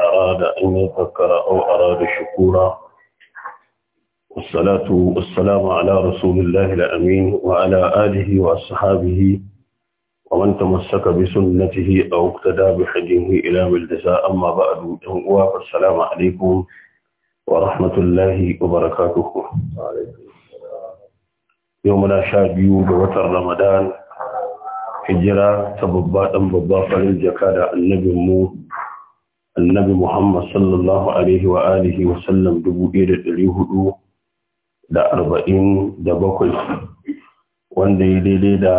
أراد أن يذكر أو أراد شكورا والصلاة والسلام على رسول الله الأمين وعلى آله وأصحابه ومن تمسك بسنته أو اقتدى بحديه إلى بالجزاء أما بعد والسلام عليكم ورحمة الله وبركاته يومنا شابيو بوتر رمضان hijira ta babba ɗan babba farin jaka da annabinmu annabi Muhammad sallallahu Alaihi wa alihi wasallam dubu ɗaya da dari hudu da arba'in da bakwai wanda ya daidai da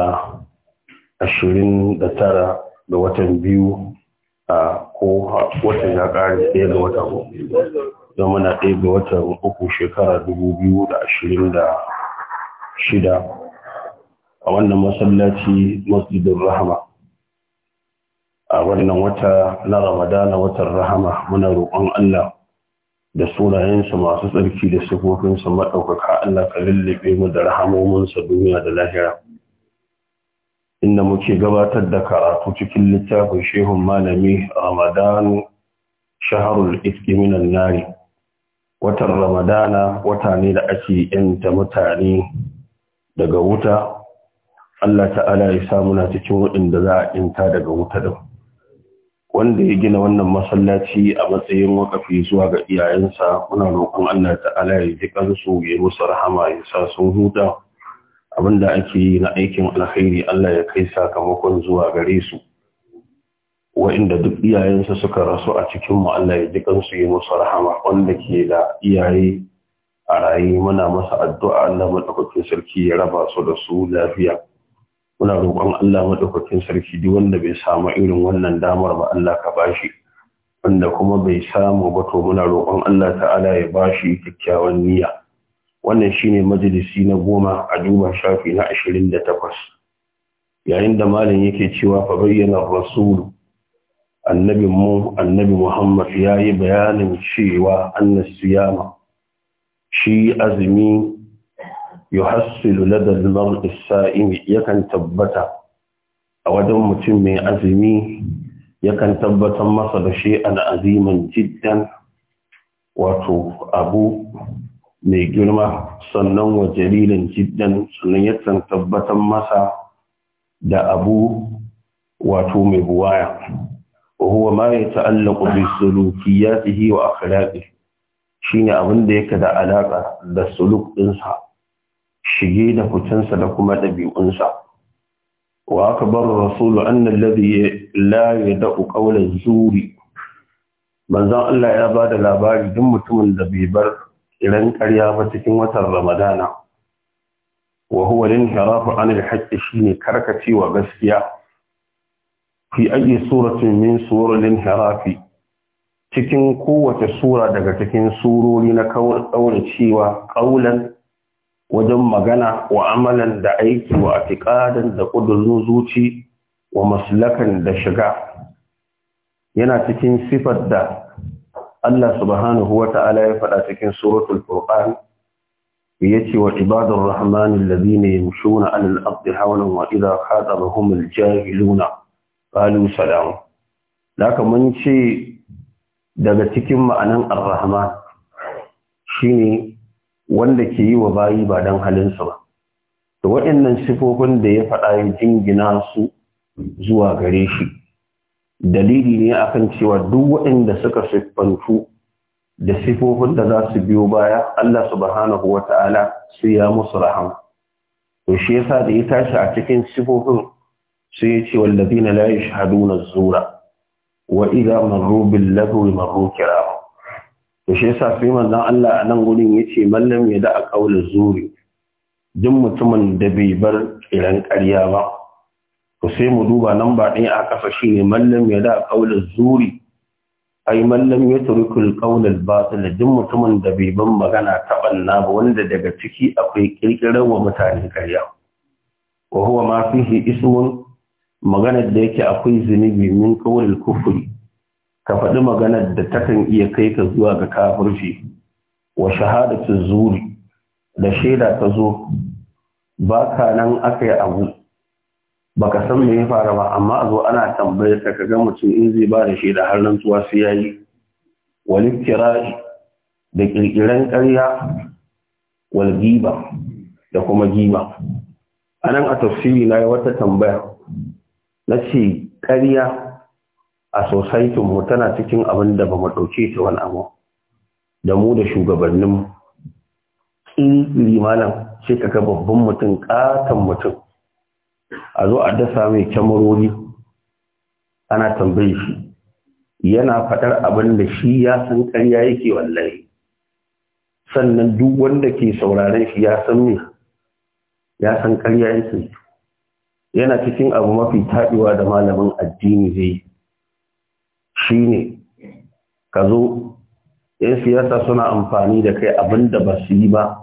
ashirin da tara da watan biyu a ko watan ya ƙari ɗaya ga wata zama na ɗaya ga watan uku shekara dubu biyu da ashirin da shida a wannan masallaci masjidin rahama a wannan wata na ramadana watan rahama muna roƙon Allah da sunayensa masu tsarki da sifofinsa maɗaukaka Allah ka lullube mu da rahamominsa duniya da lahira inda muke gabatar da karatu cikin littafin shehun malami ramadanu shaharul ifki minan nari watan ramadana wata ne da ake yanta mutane daga wuta Allah ta'ala ya sa muna cikin waɗanda za a yanta daga wuta din wanda ya gina wannan masallaci a matsayin wakafi zuwa ga iyayensa muna roƙon Allah ta'ala ya ji kansu ya musu rahama ya sa sun huta abinda ake yi na aikin alkhairi Allah ya kai sakamakon zuwa gare su wa'inda duk iyayensa suka rasu a cikin mu Allah ya ji kansu ya musu rahama wanda ke da iyaye a raye muna masa addu'a Allah madaukakin sarki ya raba su da su lafiya muna roƙon Allah madaukakin sarki duk wanda bai samu irin wannan damar ba Allah ka bashi wanda kuma bai samu ba to muna roƙon Allah ta'ala ya bashi kyakkyawan niyya wannan shine majalisi na goma a duba shafi na ashirin da takwas yayin da malam yake cewa fa bayyana rasulu annabin mu annabi Muhammad ya yi bayanin cewa annas siyama shi azumi yuhassilu lada lamar isa'imi yakan tabbata a wajen mutum mai azumi yakan tabbatar masa da shi al'aziman jiddan wato abu mai girma sannan wa jarilin jiddan sannan yakan tabbatar masa da abu wato mai buwaya وهو ما يتعلق بسلوكياته وأخلاقه shine abin da yake da alaka da suluk ɗinsa shige da fitansa da kuma ɗabi'unsa wa aka bar rasulu annan ladhi la yada'u qawla zuri manzon Allah ya ba da labari duk mutumin da bai bar iran ƙarya ba cikin watan ramadana wa huwa linhirafu an al-haqq shine karkacewa gaskiya fi ayi suratin min surul inhirafi cikin kowace sura daga cikin surori na kawar cewa ƙaulan wajen magana wa amalan da aiki wa atiƙadan da ƙudurin zuci wa maslakan da shiga yana cikin sifar da Allah subhanahu wa ta'ala ya faɗa cikin suratul Furqan ce wa ibadur rahmanil ladina yamshuna 'alal ardi hawlan wa idha khatabahumul jahiluna qalu salam laka mun ce daga cikin ma'anan ar-rahman shine wanda ke yi wa bayi ba don halinsu ba da waɗannan sifofin da ya faɗa ya jingina su zuwa gare shi dalili ne akan cewa duk waɗanda suka siffantu da sifofin da za su biyo baya Allah subhanahu wa ta'ala su ya musu rahama to shi yasa da ya tashi a cikin sifofin sai ya ce wallazina la yashhaduna az-zura wa idza marru bil marru kira to shi yasa sai manzon Allah a nan gurin yace mallam ya da a ƙaunar zuri duk mutumin da bai bar kiran ƙarya ba Ku sai mu duba nan ba ɗaya a ƙasa ne mallam ya da a ƙaunar zuri ai mallam ya turkul kaulal batil duk mutumin da bai ban magana ta banna ba wanda daga ciki akwai ƙirƙirar wa mutane karya wa huwa ma fihi ismun magana da yake akwai zunubi min ƙaunar kufuri. ka faɗi maganar da takan iya kai ka zuwa ga kafirci wa shahadatu zuri da shaida ta zo ba ka nan aka yi abu ba ka san me ya fara ba amma a zo ana tambayar ka ga mutum in zai ba da shaida har nan tuwa sai yayi yi walin da ƙirƙiren ƙarya wal giba da kuma giba a nan a tafsiri na yi wata tambaya na ce ƙarya a society mu tana cikin abin da ba mu ɗauke ta wani abu da mu da shugabannin tsiri malam sai ka ga babban mutum ƙaton mutum a zo a dasa mai kyamarori ana tambayi shi yana faɗar abin da shi ya san ƙarya yake wallahi sannan duk wanda ke sauraren shi ya san me ya san ƙarya yake yana cikin abu mafi taɗewa da malamin addini zai yi shine ka zo yan siyasa suna amfani da kai da ba su yi ba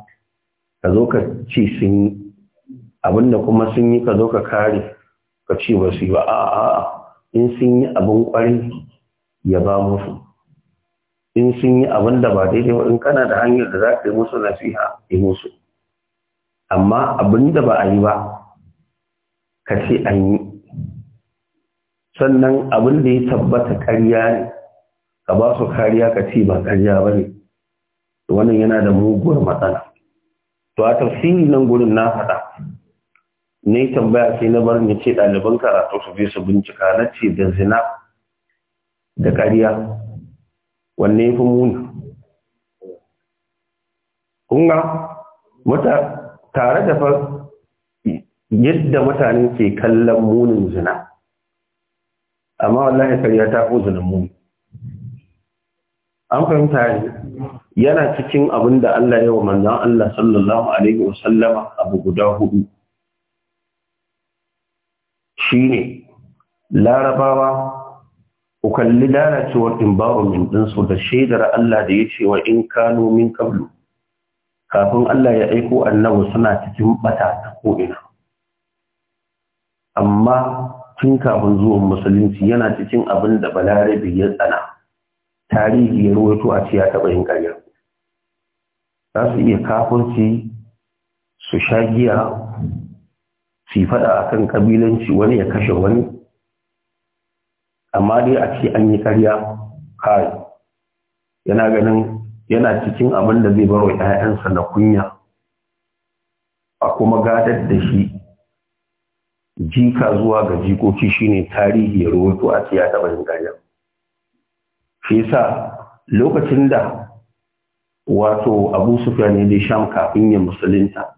ka zo ka ce sun yi Abin da kuma sun yi ka zo ka kare ka ce ba su yi ba a'a in sun yi abin kwari ya ba musu in sun yi abin da ba daidai ba in kana da hanyar da za ka yi musu nasiha yi musu amma abin da ba a yi ba ka ce an yi sannan abin da ya tabbata ƙarya ne ka ba su kariya ka ce ba ƙarya ba ne wannan yana da muguwar matsala to a tafsiri nan gurin na faɗa na yi tambaya sai na bar ni ce ɗaliban karatu su je su bincika na ce da zina da ƙarya wanne ya fi muni kunga tare da fa yadda mutane ke kallon munin zina amma wallahi karya ta uzunin mu an fahimta ne yana cikin abin da Allah ya wa manzan Allah sallallahu alaihi wa sallama abu guda hudu shine larabawa ku kalli lalacewar environment ɗinsu da shaidar Allah da ya ce wa in kano min kablu kafin Allah ya aiko annabi suna cikin bata ta ko'ina amma tun kafin zuwan musulunci yana cikin abin da balarabe ya tsana tarihi ya ruwaito a ciya taba taɓa yin ƙarya za su iya kafinci su sha giya su faɗa a kan ƙabilanci wani ya kashe wani amma dai a ce an yi karya. kai yana ganin yana cikin abin da zai barwa 'ya'yansa na kunya a kuma gadar da shi jika zuwa ga jikoki shine tarihi ya rubutu a tiya ta yin ƙarya shi yasa lokacin da wato abu Sufiya ne da sham kafin ya musulunta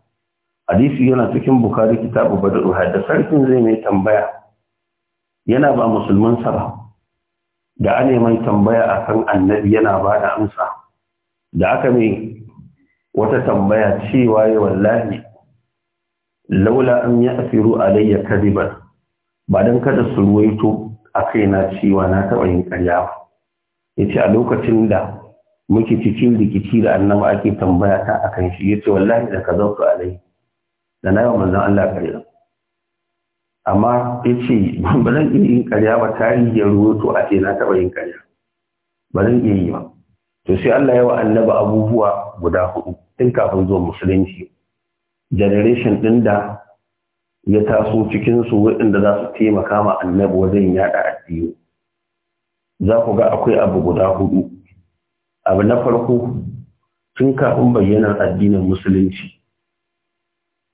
hadisi yana cikin bukari kitabu badru da sarkin zai mai tambaya yana ba musulman sara ba da ane mai tambaya kan annabi yana ba da amsa da aka mai wata tambaya cewa yi wallahi laula an asiru alayya kadiban ba dan kada su ruwaito a kaina cewa na taɓa yin ƙarya yace a lokacin da muke cikin rikici da annabi ake tambaya ta akan shi yace wallahi da ka zauka alai da na manzon Allah ƙarya amma yace ba zan iya yin ƙarya ba tarihi ruwaito a ce na taɓa yin ƙarya ba zan iya yi ba to sai Allah ya wa Annabi abubuwa guda hudu tun kafin zuwa musulunci generation ɗin da ya taso cikinsu waɗanda za su taimaka ma annabi wajen yaɗa addini za ku ga akwai abu guda hudu abu na farko tun kafin bayyanar addinin musulunci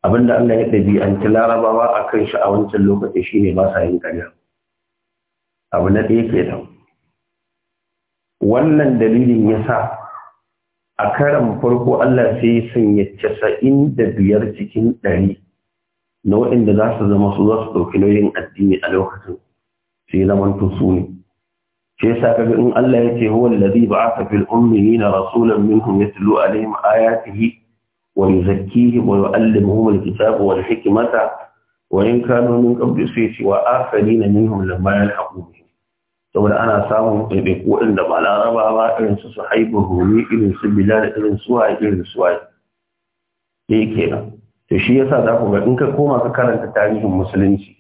abinda Allah ya ci larabawa a kan shi a wancan lokaci shine ba sa yin ƙarya abu na ɗaya kenan wannan dalilin ya sa a karan farko Allah sai ya sanya casa'in da biyar cikin ɗari na waɗanda za su zama su za su ɗauki nauyin addini a lokacin sai zaman su ne. Shi yasa kaga in Allah ya ce huwa allazi ba'atha fil ummiyina rasulan minhum yatlu alaihim ayatihi wa yuzakkihim wa yu'allimuhum al-kitaba wal hikmata wa in kanu min qabli sayyi wa akharina minhum lamma yalhaqu bihim saboda ana samun ɗaiɗaiku waɗanda ba laraba ba irin su haibu rumi irin su da irin su irin waye da yake nan to shi yasa za ku ga in ka koma ka karanta tarihin musulunci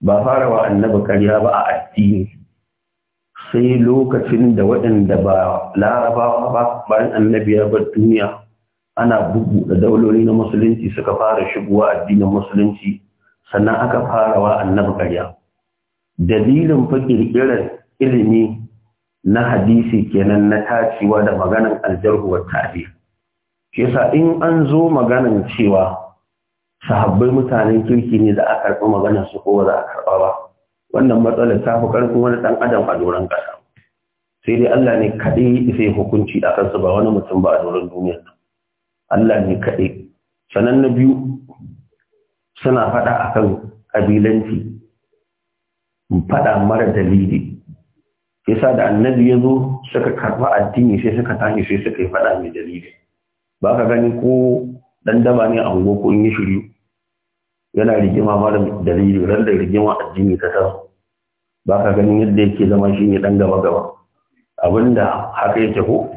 ba fara wa annabi karya ba a addini sai lokacin da waɗanda ba larabawa ba bayan annabi ya bar duniya ana bugu da dauloli na musulunci suka fara shigowa addinin musulunci sannan aka fara wa annabi karya dalilin fa kirkirar ilimi na hadisi kenan na tacewa da maganan aljarhu wa Ke shi in an zo maganan cewa sahabbai mutanen kirki ne da aka karɓi maganar su ko za a karɓa ba wannan matsalar ta fi wani ɗan adam a doron ƙasa sai dai Allah ne kaɗai sai hukunci a kansa ba wani mutum ba a doron duniya Allah ne kaɗai sanan na biyu suna faɗa akan kabilanci faɗa mara dalili sa da annabi ya zo suka karba addini sai suka tashi sai suka yi faɗa mai dalili ba ka gani ko dan daba ne a ko in yi shiru yana rigima mara dalili ran da rigima addini ta taso ba ka ganin yadda yake zama shi ne dan gaba gaba abinda haka yake ko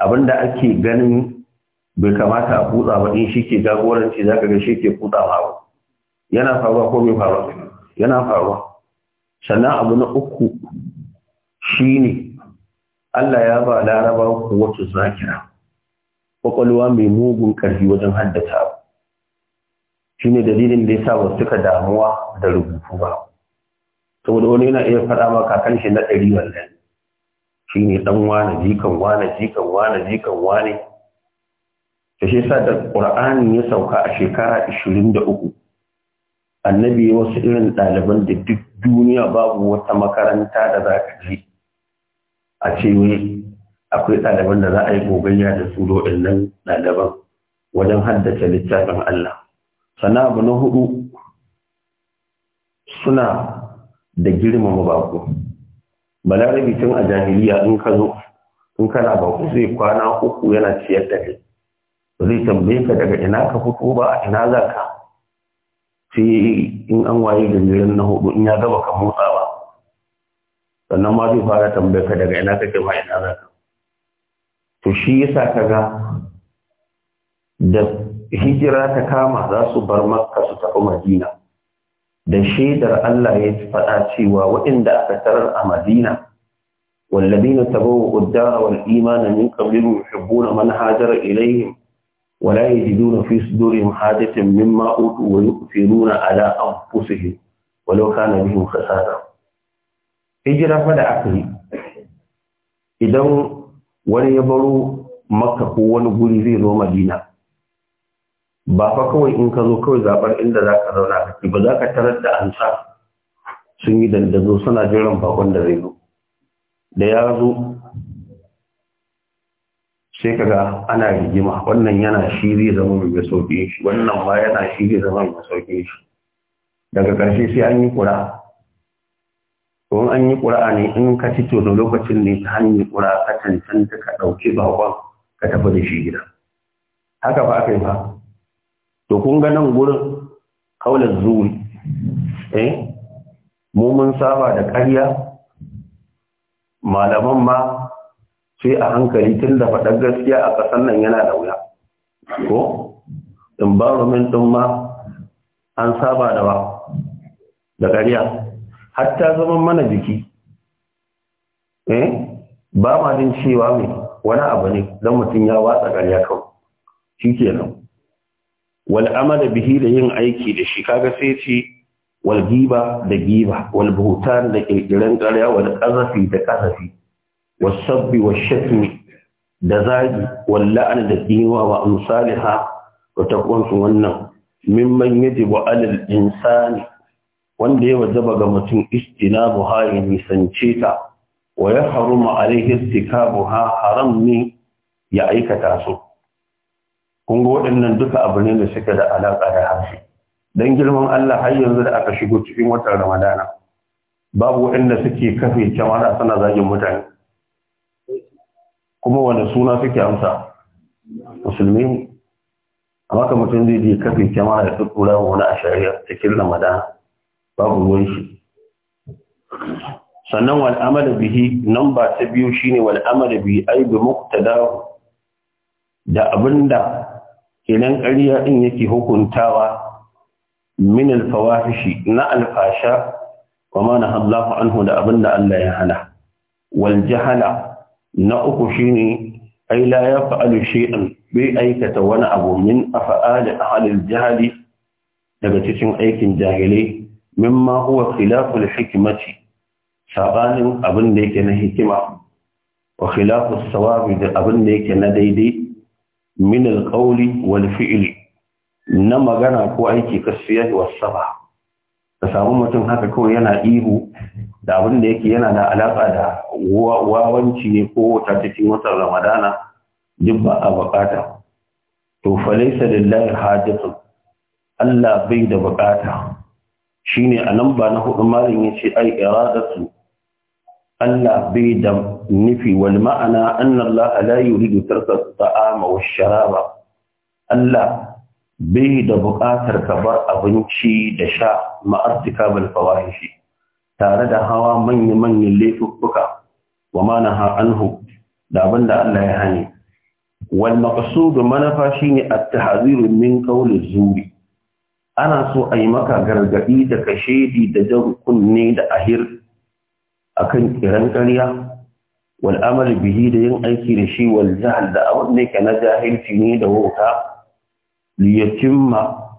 abinda ake ganin bai kamata a kutsa ba in shi ke jagoranci ka ga shi ke kutsa ba yana faruwa ko bai faruwa yana faruwa sannan abu na uku shi ne. Allah ya ba laraba wata zakira kwakwalwa mai mugun ƙarfi wajen haddata abu shi ne dalilin da ya sa wasu suka damuwa da rubutu ba saboda wani yana iya faɗa ma kakan shi na ɗari wannan shi ne ɗan wane jikan wane jikan wane jikan wane da shi sa da ƙur'ani ya sauka a shekara uku? annabi wasu irin ɗaliban da duk duniya babu wata makaranta da za ka ji a cewe akwai ɗaliban da za a yi gogayya da su nan ɗaliban wajen haddace littafin Allah. Sana abu na hudu suna da girmama bako. Balarabi tun a jahiliya in ka zo, in kana bako zai kwana uku yana ciyar da kai. Zai tambaye ka daga ina ka fito ba ina za ka. sai in an waye gangirin na hudu in ya gaba ka motsawa sannan ma zai fara tambayar ka daga ina kake ma ina za ka to shi yasa ka ga da hijira ta kama za su bar makka su tafi madina da shaidar Allah ya faɗa cewa waɗanda aka tarar a madina والذين تبوؤوا الدار والإيمان من قبلهم يحبون من هاجر إليهم ولا يجدون في صدورهم حاجة مما أوتوا ويؤثرون على أنفسهم ولو كان بهم خسارة هجرة فدا أكلي إذا wani ya baro maka ko wani guri zai zo madina ba fa kawai in ka zo kawai zabar inda za ka zauna kake ba za ka tarar da an sa sun yi dandazo suna jiran bakon da zai zo da ya zo sai kaga ana rigima wannan yana shi zai zama mai shi wannan ma yana shi zai zama mai sauƙin shi daga ƙarshe sai an yi ƙura don an yi ƙura ne in ka ci tono lokacin ne ta hanyar ƙura ka cancanta ka ɗauki baƙon ka tafi da shi gida haka ba aka yi ba to kun ga nan gurin kaular zuri eh mu mun saba da ƙarya malaman ma sai a hankali tun da faɗar gaskiya a ƙasar nan yana da wuya ko environment ɗin ma an saba da ba da ƙarya hatta zaman mana jiki eh ba ma jin cewa mai wani abu ne don mutum ya watsa ƙariya kawai shi nan. wal'ama amala bihi da yin aiki da shi kaga sai ce wal giba da giba wal buhutan da kirkiren ƙarya wal ƙazafi da ƙazafi والسب والشتم da zagi walla'ani da tsinuwa wa amsaliha wa takwansu wannan mimman yaji wa alal insani wanda ya wajaba ga mutum istinabu ha ya nisance ta wa ya haruma alaihi istikabu ha haram ne ya aikata su kun ga waɗannan duka abu ne da suke da alaƙa da harshe dan girman Allah har yanzu da aka shigo cikin watan Ramadana babu waɗanda suke kafe kyamara suna zagin mutane kuma wanda suna suke amsa musulmi amma kan mutum zai je kafin kyamara ya tuttura wani a shari'a cikin ramadan babu ruwan shi sannan wal amala bihi ba ta biyu shine wal amala bihi ay bi muqtada da abinda kenan ƙarya din yake hukuntawa min al na alfasha, fasha wa ma nahallahu anhu da abinda Allah ya hana wal jahala na uku shine ai la yaf'alu shi'an bai aikata wani abu min a halin jahili daga cikin aikin jahilai mimma huwa khilaful hikimaci sabanin abin da yake na hikima wa khilafus sawabi da abin da yake na daidai min alƙauli wal fi'li na magana ko aiki kasiya wa sabah ka samu mutum haka kawai yana ihu da abin da yake yana da alaƙa da wawanci ne ko wata cikin watan ramadana duk ba a bukata to falaisa lillahi hajjatun Allah bai da bukata shine a nan ba na hudu malin ya ce ai iradatu Allah bai da nufi wal ma'ana anna Allah la yuridu tarka ta'ama wash sharaba Allah bai da buƙatar ka bar abinci da sha ma'artika bal fawahishi tare da hawa manya-manyan laifuffuka wa mana ha anhu da abin da Allah ya hane wal manafa shine a tahziru min qawli zuri ana so a yi maka gargadi da kashedi da jan kunne da ahir akan kiran ƙarya wal amal bihi da yin aiki da shi wal jahl da abin da yake na jahilci ne da wauta liyatimma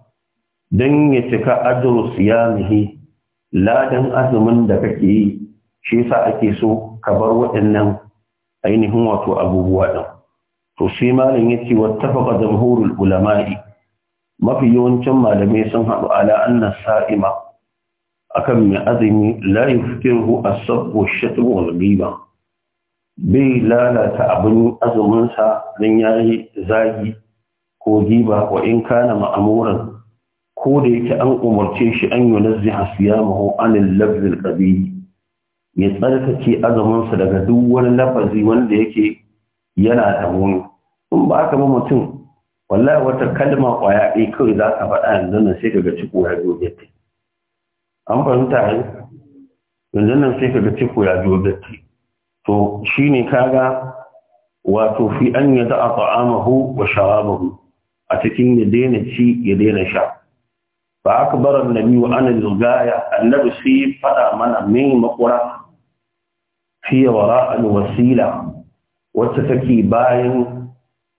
don ya cika ajru siyamihi ladan azumin da kake yi shi yasa ake so ka bar waɗannan ainihin wato abubuwa ɗin to ya malam yace wattafaqa jamhurul ulama'i mafi yawancin malamai sun haɗu ala anna sa'ima akan mai azumi la yuftiru as-sabbu ash-shatm bai lalata abin azumin sa dan yayi zagi ko giba wa in kana ma'amuran ko da yake an umarce shi an yi nazi hasiyamahu anil lafzil qabi ya tsarkake azaminsa daga duk wani lafazi wanda yake yana da muni in ba aka ma mutum wallahi wata kalma ƙwaya ɗaya kawai za ka faɗa yanzu nan sai kaga ciko ya zo gefe an fahimta ne yanzu nan sai kaga ciko ya zo gefe to shine kaga wato fi an yada ta'amahu wa sharabahu a cikin ya daina ci ya daina sha ba aka bar annabi wa ana lugaya annabi sai fada mana mai makura fiye wara al wasila wacce take bayan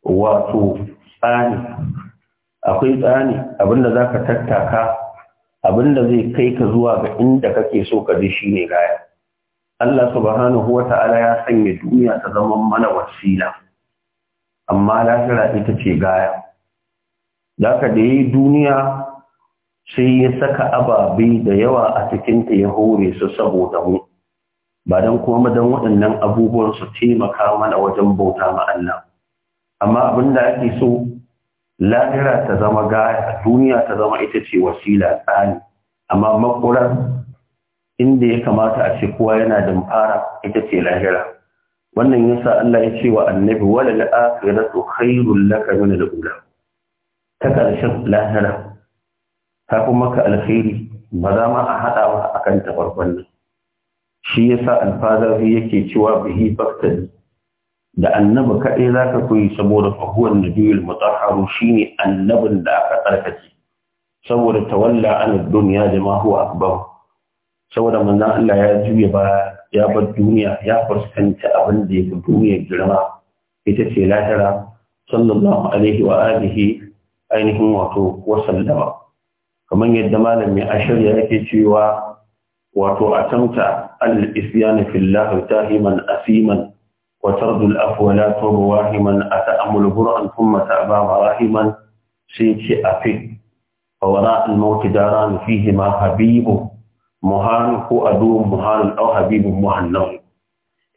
wato tsani akwai tsani abinda zaka tattaka abinda zai kai ka zuwa ga inda kake so ka ji shi ne gaya Allah subhanahu wata'ala ta'ala ya sanya duniya ta zama mana wasila amma lahira ita ce gaya da da ya yi duniya sai ya saka ababe da yawa a cikin ta ya hore su saboda mu ba don kuma madan waɗannan abubuwan su taimaka mana wajen bauta ma Allah amma abin da ake so lahira ta zama gaya duniya ta zama ita ce wasila tsani amma makurar inda ya kamata a ce kowa yana fara ita ce lahira wannan yasa Allah ya ce wa annabi wala al-akhiratu khairul laka min al-ula ta ƙarshen lahira ta fi maka alheri ba za ma a haɗawa a kan ta nan shi ya sa alfazari yake cewa bihi baktari da annabi kaɗai za ka koyi saboda fahuwar nabiyul shi shine annabin da aka tsarkace saboda tawalla an duniya da ma huwa akbar saboda manzan Allah ya juya ba ya bar duniya ya fuskanta abin da ya fi duniya girma ita ce lahira sallallahu alaihi wa alihi ainihin wato wasallama kamar yadda malami ashir ya yake cewa wato atamta al-isyan fillah tahiman asiman wa tardu al-afwa la tubu wahiman ata'amul qur'an thumma ta'ba rahiman sai ce afi fa wara al-maut daran fihi ma habibu muhan ko adu muhan aw habibu muhannaw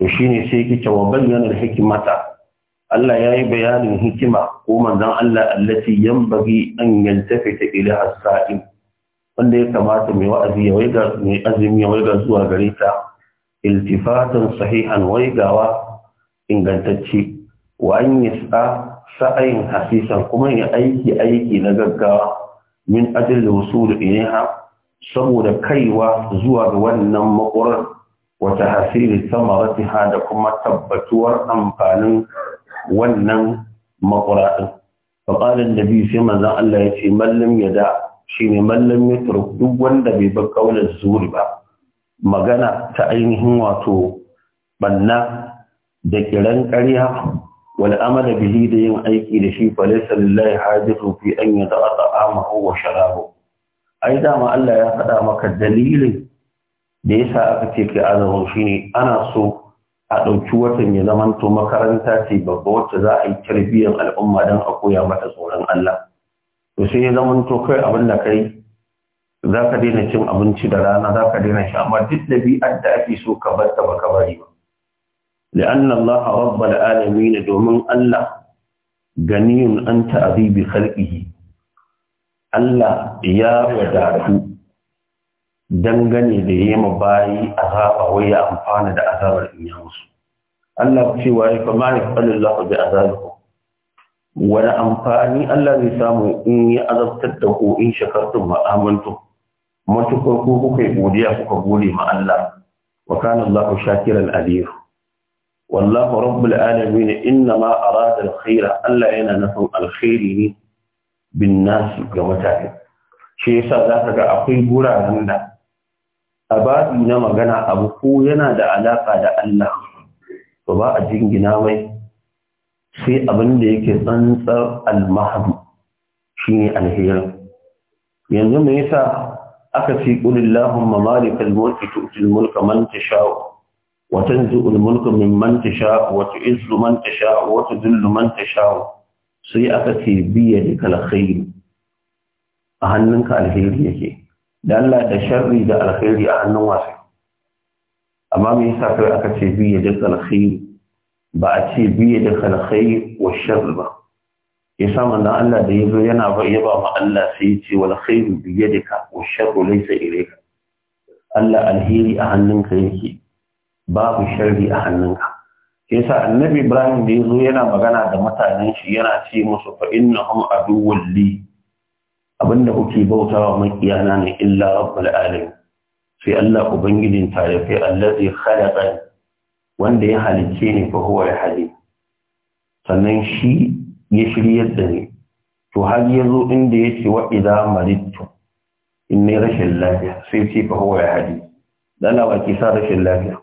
to shine sai yake wa bayyana al-hikmata Allah ya yi bayanin hikima ko manzan Allah allati yambagi an yaltafi ta ila as wanda ya kamata mai wa'azi ya waiga mai azumi ya waiga zuwa gare ta iltifatan sahihan waigawa ingantacce wa an yas'a sa'ayin hasisan kuma ya aiki aiki na gaggawa min da wusul ilaiha saboda kaiwa zuwa ga wannan makurar wata hasiri samaratiha da kuma tabbatuwar amfanin wannan makura din fa da biyu sai manzan Allah ya ce mallam yada shine mallam mitruk duk wanda bai bar kaulan zuri ba magana ta ainihin wato banna da kiran ƙarya wal'amala amala bihi da yin aiki da shi fa laysa lillahi fi an yada'a ta'amahu wa sharabahu ai dama Allah ya faɗa maka dalilin da yasa aka ce kai shi shine ana so a ɗauki watan ya zaman to makaranta ce babba wacce za a yi tarbiyyar al'umma don a koya mata tsoron Allah. To sai ya zaman to kai abin da kai za ka daina cin abinci da rana za ka daina shi. amma duk ɗabi'ar da ake so ka bar ta ba ka bari ba. لأن الله رب domin Allah الله غني an ta'azibi بخلقه Allah ya wadatu dangane da yi ma bayi azaba wai ya amfana da azabar in ya musu Allah cewa ya fa ma yafalillahu bi azabikum wani amfani Allah zai samu in ya azabtar da ku in shakartum ma matukar ku kuka yi godiya kuka gode ma Allah wa kana Allahu shakiran Aliyu. wallahu rabbul alamin inna ma arada alkhaira Allah yana nufin alkhairi ne bin nasi ga mutane shi yasa zaka ga akwai guraren da a baɗi na magana abu ko yana da alaƙa da Allah to ba a jingina mai sai abin da yake tsantsar almahadu shine alheri yanzu me sa aka fi qulillahumma malikal mulki tu'til mulka man tasha'u wa tanzu'ul mulka manta sha'o wata izu man sha'o wata zullu man sha'o sai aka ce biya da khair a hannunka alheri yake da Allah da sharri da alkhairi a hannun wasa amma me yasa kai aka ce biye da alkhairi ba a ce biye da alkhairi wa sharri ba yasa manzon Allah da yazo yana ba yaba ma Allah sai ya ce wal khairu bi yadika wa sharru laysa ilayka Allah alheri a hannunka yake babu sharri a hannun hannunka yasa annabi Ibrahim da yazo yana magana da mutanen shi yana ce musu fa innahum aduwwul li abinda kuke bautawa iyana ne illa rabbul alamin sai Allah ubangijin ta ya kai allazi khalaqa wanda ya halicce ni fa huwa hali sannan shi ya shiryar da ni to har yazo inda yace wa idza maridtu inni rashin lafiya sai ce fa huwa hali dana wa ki sa rashin lafiya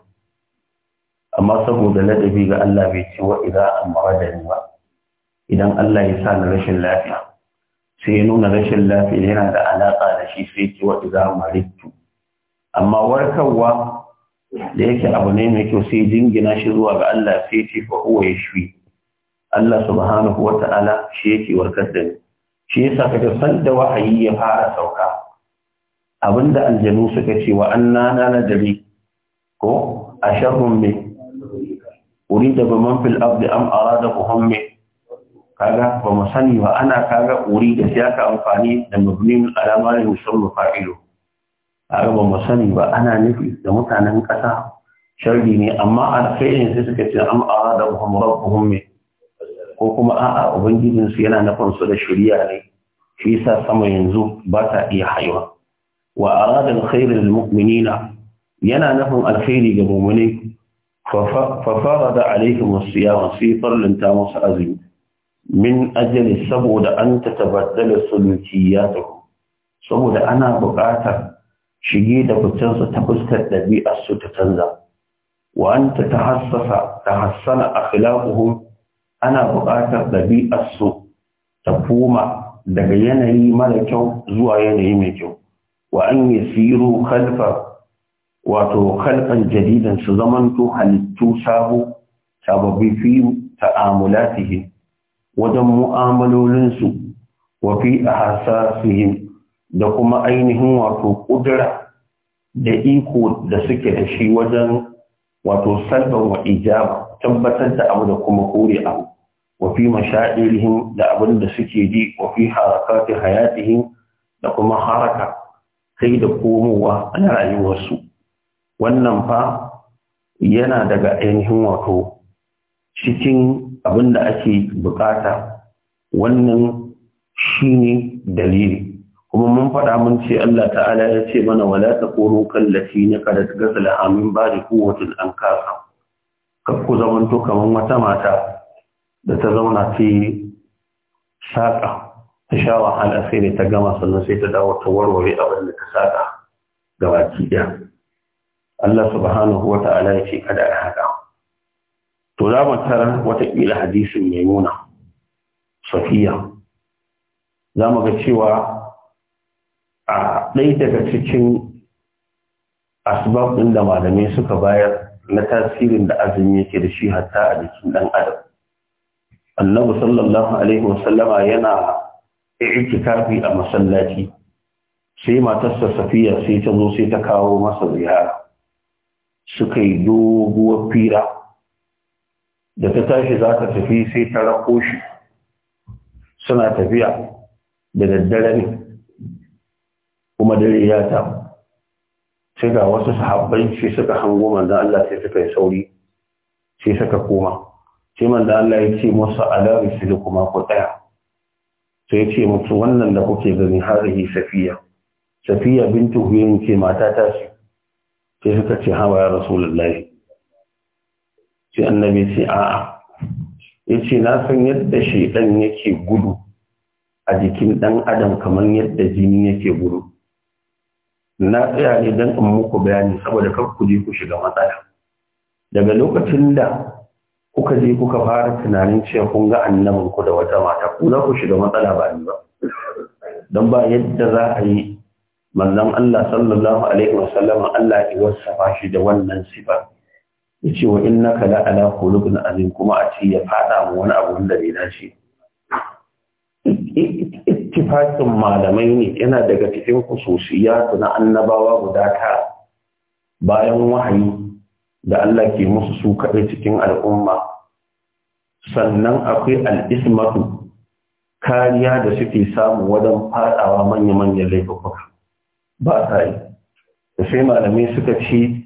amma saboda ladabi ga Allah bai ce wa idza amradani ba idan Allah ya sa ni rashin lafiya sai ya nuna rashin lafiya yana da alaƙa da shi sai ce wa iza maritu amma warkarwa da yake abu ne mai kyau sai jingina shi zuwa ga Allah sai ce fa huwa yashfi Allah subhanahu wata'ala shi yake warkar da ni shi yasa kaga san da wahayi ya fara sauka abinda aljanu suka ce wa annana nadri ko asharrun min urida bi man fil ardi am arada bi kaga ba mu sani ba ana kaga uri da siyasa amfani da mabnin alama ne musamman fa'ilu kaga ba mu sani ba ana nufi da mutanen ƙasa sharri ne amma alkhairin sai suka ce am arada hum rabbuhum min ko kuma a'a ubangijin su yana nufin su da shari'a ne shi yasa sama yanzu ba ta iya haiwa wa arada alkhairu lil mu'minina yana nufin alkhairi ga mu'mini fa da alaihim as-siyam sifar lin ta azumi min ajali saboda an ta tabaddala sulukiyatahu saboda ana buƙatar shige da fitansa ta fuskar ɗabi'ar su ta canza wa an ta hassana a akhlaquhum ana buƙatar ɗabi'ar su ta koma daga yanayi mara kyau zuwa yanayi mai kyau wa an siro wato kalfan jaridan su zamanto halittu sabo sababbi ta ta'amulatihim wajen mu'amalolinsu wa fi ahsasihim da kuma ainihin wato kudura da iko da suke da shi wajen wato salban wa ijaba tabbatar da abu da kuma kore abu wa fi mashairihim da abin da suke ji wa fi harakati hayatihim da kuma haraka kai da komowa a rayuwarsu wannan fa yana daga ainihin wato cikin abin da ake bukata wannan shine dalili kuma mun faɗa mun ce Allah ta'ala ya ce mana wala taqulu kallati na ta gasa amin ba da kuwatin an kasa kar ku zamanto kamar wata mata da ta zauna ta saƙa ta sha wahala sai ne ta gama sannan sai ta dawo ta warware abin da ta saka baki ɗaya Allah subhanahu wa ta'ala ya ce kada a to za mu tara watakila hadisin mai nuna safiya za mu ga cewa a ɗaya daga cikin asbab ɗin da malamai suka bayar na tasirin da azumi yake da shi hatta a jikin ɗan adam annabi sallallahu alaihi wasallama yana itikafi a masallaci sai matarsa safiya sai ta zo sai ta kawo masa ziyara suka yi doguwar fira da ta tashi za ta tafi sai ta rako shi suna tafiya da daddare ne kuma dare ya ta sai ga wasu sahabbai sai suka hango manzan Allah sai suka yi sauri sai suka koma sai manzan Allah ya ce musu alari su kuma ku ɗaya. sai ya ce musu wannan da kuke gani har yi safiya safiya bintu huyin ce mata ta sai suka ce hawa ya rasulullahi sai annabi ce a'a yace na san yadda shaidan yake gudu a jikin ɗan adam kamar yadda jini yake gudu na tsaya ne don in muku bayani saboda kar ku je ku shiga matsala daga lokacin da kuka je kuka fara tunanin cewa kun ga annabin ku da wata mata ku za ku shiga matsala ba ni ba don ba yadda za a yi manzon Allah sallallahu alaihi wasallam Allah ya wasafa shi da wannan sifar ya ce wa kala ka la'ala kulubun azin kuma a ce ya fada mu wani abu wanda bai dace ittifaqin malamai ne yana daga cikin khususiyatu na annabawa guda tara bayan wahayi da Allah ke musu su kaɗai cikin al'umma sannan akwai al'ismatu kariya da suke samu wajen fadawa manya-manyan laifuka ba yi da sai malamai suka ci.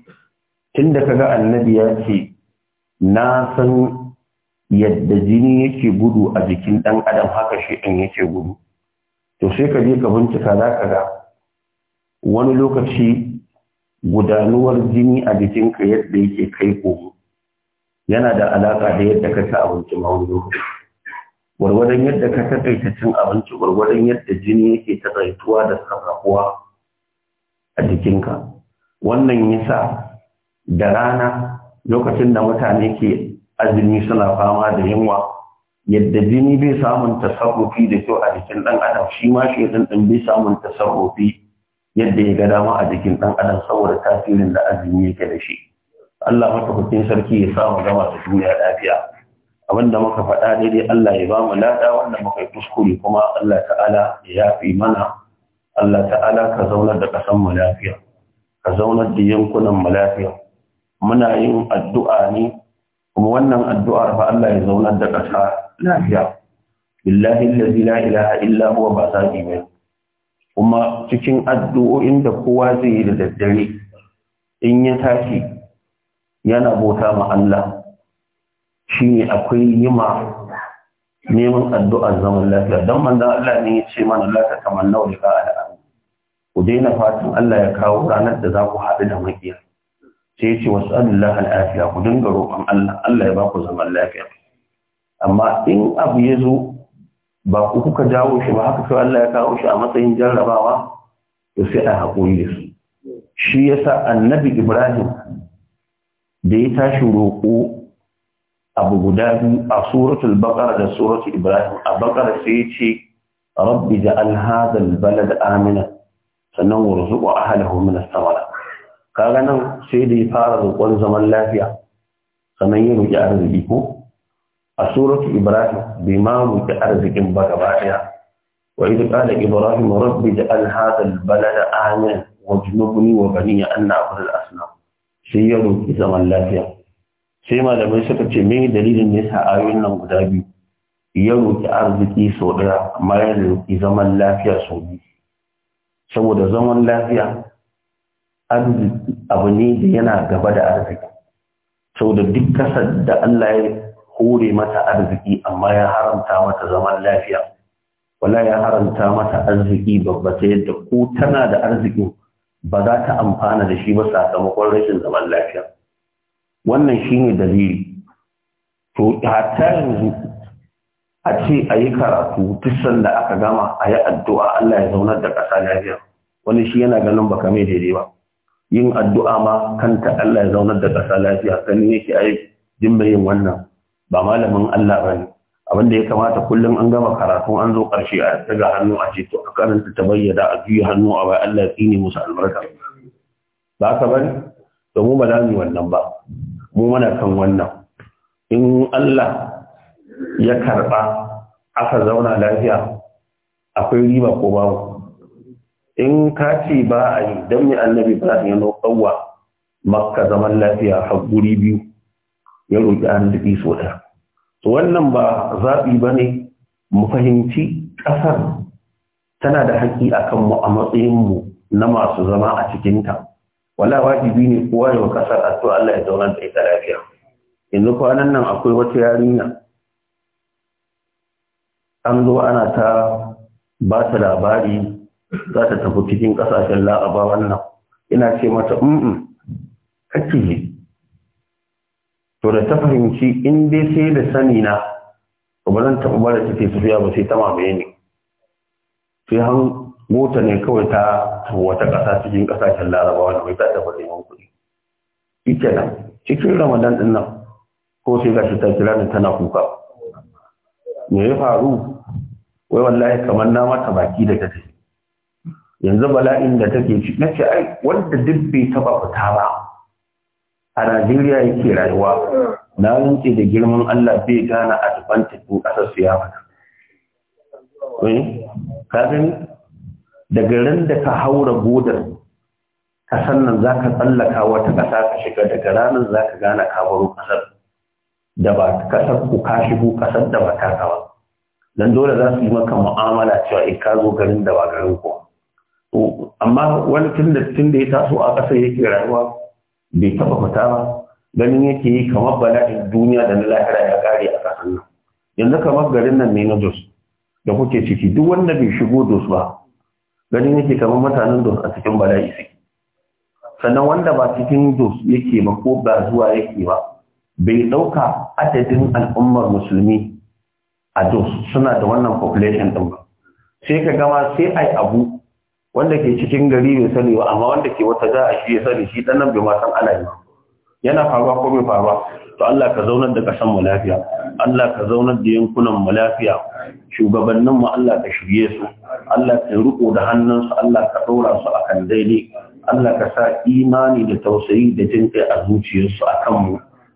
tun da kaga annabi ya ce na san yadda jini yake gudu a jikin ɗan adam haka shi in yake gudu to sai ka je ka bincika za ka ga wani lokaci gudanuwar jini a jikinka yadda yake kai komo. yana da alaƙa da yadda ka ci abinci ma wani lokaci gwargwadon yadda ka taƙaita cin abinci gwargwadon yadda jini yake taƙaituwa da sarrafuwa a jikinka wannan yasa da rana lokacin da mutane ke azumi suna fama da yunwa yadda jini bai samun tasarrufi da kyau a jikin ɗan adam shi ma shi ɗin bai samun tasarrufi yadda ya ga dama a jikin ɗan adam saboda tasirin da azumi yake da shi Allah matakakin sarki ya samu gama da duniya lafiya abinda muka faɗa daidai Allah ya ba mu lada wanda muka yi kuskure kuma Allah ta'ala ya yafi mana Allah ta'ala ka zauna da ƙasar mu lafiya ka zaunar da yankunan mu lafiya muna yin addu'a ne kuma wannan addu'ar fa Allah ya zaunar da ƙasa lafiya billahi allazi la ilaha illa huwa ba sabi ba kuma cikin addu'o'in da kowa zai yi da daddare in ya tashi yana bota ma Allah shine akwai yima neman addu'ar zaman lafiya don manzan Allah ne ya ce mana lata kamar nawa da ku daina fatan Allah ya kawo ranar da za ku haɗu da maƙiya sai ce wasu Allah al'afiya ku dinga roƙon Allah Allah ya ba ku zaman lafiya amma in abu ya zo ba ku kuka jawo shi ba haka sai Allah ya kawo shi a matsayin jarrabawa to sai a haƙuri da su shi yasa annabi Ibrahim da ya tashi roƙo abu guda biyu a suratul baqara da suratul Ibrahim a baƙar sai ya ce rabbi ja'al hadha al-balad amina sannan warzuq a min as-samara kaga nan sai da ya fara roƙon zaman lafiya sannan ya roƙi arziki ko a suratu ibrahim bai ma roƙi arzikin ba gaba ɗaya wa idh qala ibrahim rabbi da hadha al-balada amina wajnubni wa bani an na'budu al-asnam sai ya roƙi zaman lafiya sai malamai suka ce me dalilin ne sa ayoyin nan guda biyu ya roƙi arziki sau ɗaya amma ya roƙi zaman lafiya sau biyu saboda zaman lafiya abu ne da yana gaba da arziki sau da duk kasar da Allah ya hore mata arziki amma ya haramta mata zaman lafiya wala ya haramta mata arziki babba ta yadda ko tana da arziki ba za ta amfana da shi ba sakamakon rashin zaman lafiya wannan shine dalili to hata yanzu a ce a yi karatu tussan da aka gama a yi addu'a Allah ya zaunar da ƙasa lafiya wani shi yana ganin baka mai daidai ba yin addu'a ma kanta Allah ya zaunar da ƙasa lafiya ne yake ai jin yin wannan ba malamin Allah ba ne abinda ya kamata kullum an gama karatu an zo ƙarshe a daga hannu a ce to a karanta ta bayyana a juyi hannu a bai Allah ya musu albarka ba ka bari to mu ba za mu wannan ba mu muna kan wannan in Allah ya karɓa aka zauna lafiya akwai riba ko babu in ka ce ba a yi don mai annabi ba ya roƙawa maka zaman lafiya har guri biyu ya roƙi annabi so ɗaya wannan ba zaɓi ba ne mu fahimci ƙasar tana da haƙƙi a kanmu a matsayinmu na masu zama a cikinta wala wajibi ne kowa yau ƙasar a to Allah ya zauna da ita lafiya yanzu kwanan nan akwai wata yarinya an zo ana ta ba ta labari za ta tafi cikin ƙasashen la'aba wannan ina ce mata mm kake yi' to da ta fahimci in dai sai da sani na ba zan taɓa mara take tafiya ba sai ta mamaye ne. sai han mota ne kawai ta wata ƙasa cikin ƙasashen larabawa da mai ta taɓa neman kuɗi ita nan cikin ramadan ɗin nan ko sai gashi ta kira ni tana kuka me ya faru wai wallahi kamar na mata baki da ta tafi yanzu bala'in da take ci na ce ai wanda duk bai taba fita ba a Najeriya yake rayuwa na rinke da girman Allah bai gane tuban tafi ƙasar su ya fita ka gani daga ran da ka haura godar kasan nan za ka tsallaka wata ƙasa ka shiga daga ranar za ka gane kabaru ƙasar da ba ƙasar ku ka shigo ƙasar da ba ta ba don dole za su yi maka mu'amala cewa in eh, ka zo garin da ba garin ku amma wani tun da tun da ya taso a ƙasa yake rayuwa bai taɓa fita ba ganin yake yi kamar bala'in duniya da na lahira ya ƙare a ƙasan nan yanzu kamar garin nan ne na jos da kuke ciki duk wanda bai shigo dos ba ganin yake kamar mutanen Jos a cikin bala'i suke sannan wanda ba cikin dos yake ba ko ba zuwa yake ba bai ɗauka adadin al'ummar musulmi a Jos suna da wannan population ɗin ba sai ka gama sai ai abu wanda ke cikin gari bai sani ba amma wanda ke wata za a shi ya sani shi dan nan bai ma ana yi yana faruwa ko bai faruwa to Allah ka zaunar da kasan mu lafiya Allah ka zaunar da yankunan mu lafiya shugabannin mu Allah ka shirye su Allah ka riko da hannunsu Allah ka ɗora su akan daidai Allah ka sa imani da tausayi da jin kai a zuciyarsu akan mu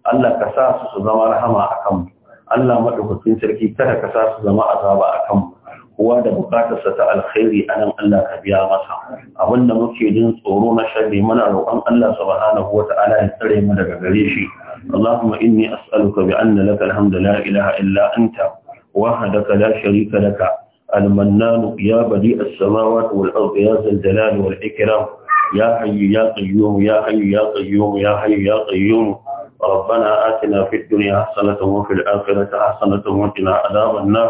Allah ka sa su su zama rahama akan mu Allah madaukakin sarki kada ka sa su zama azaba akan mu kowa da bukatarsa ta alkhairi a nan Allah ka biya masa Abinda muke jin tsoro na sharri muna roƙon Allah subhanahu ta'ala ya tsare mu daga gare shi Allahumma inni as'aluka bi anna laka alhamdu la ilaha illa anta wahdaka la sharika laka al-mannan ya badi as-samawati wal ardi ya zal jalali wal ikram ya hayyu ya qayyum ya hayyu ya qayyum ya hayyu ya qayyum ربنا آتنا في الدنيا حسنة وفي الآخرة حسنة وقنا عذاب النار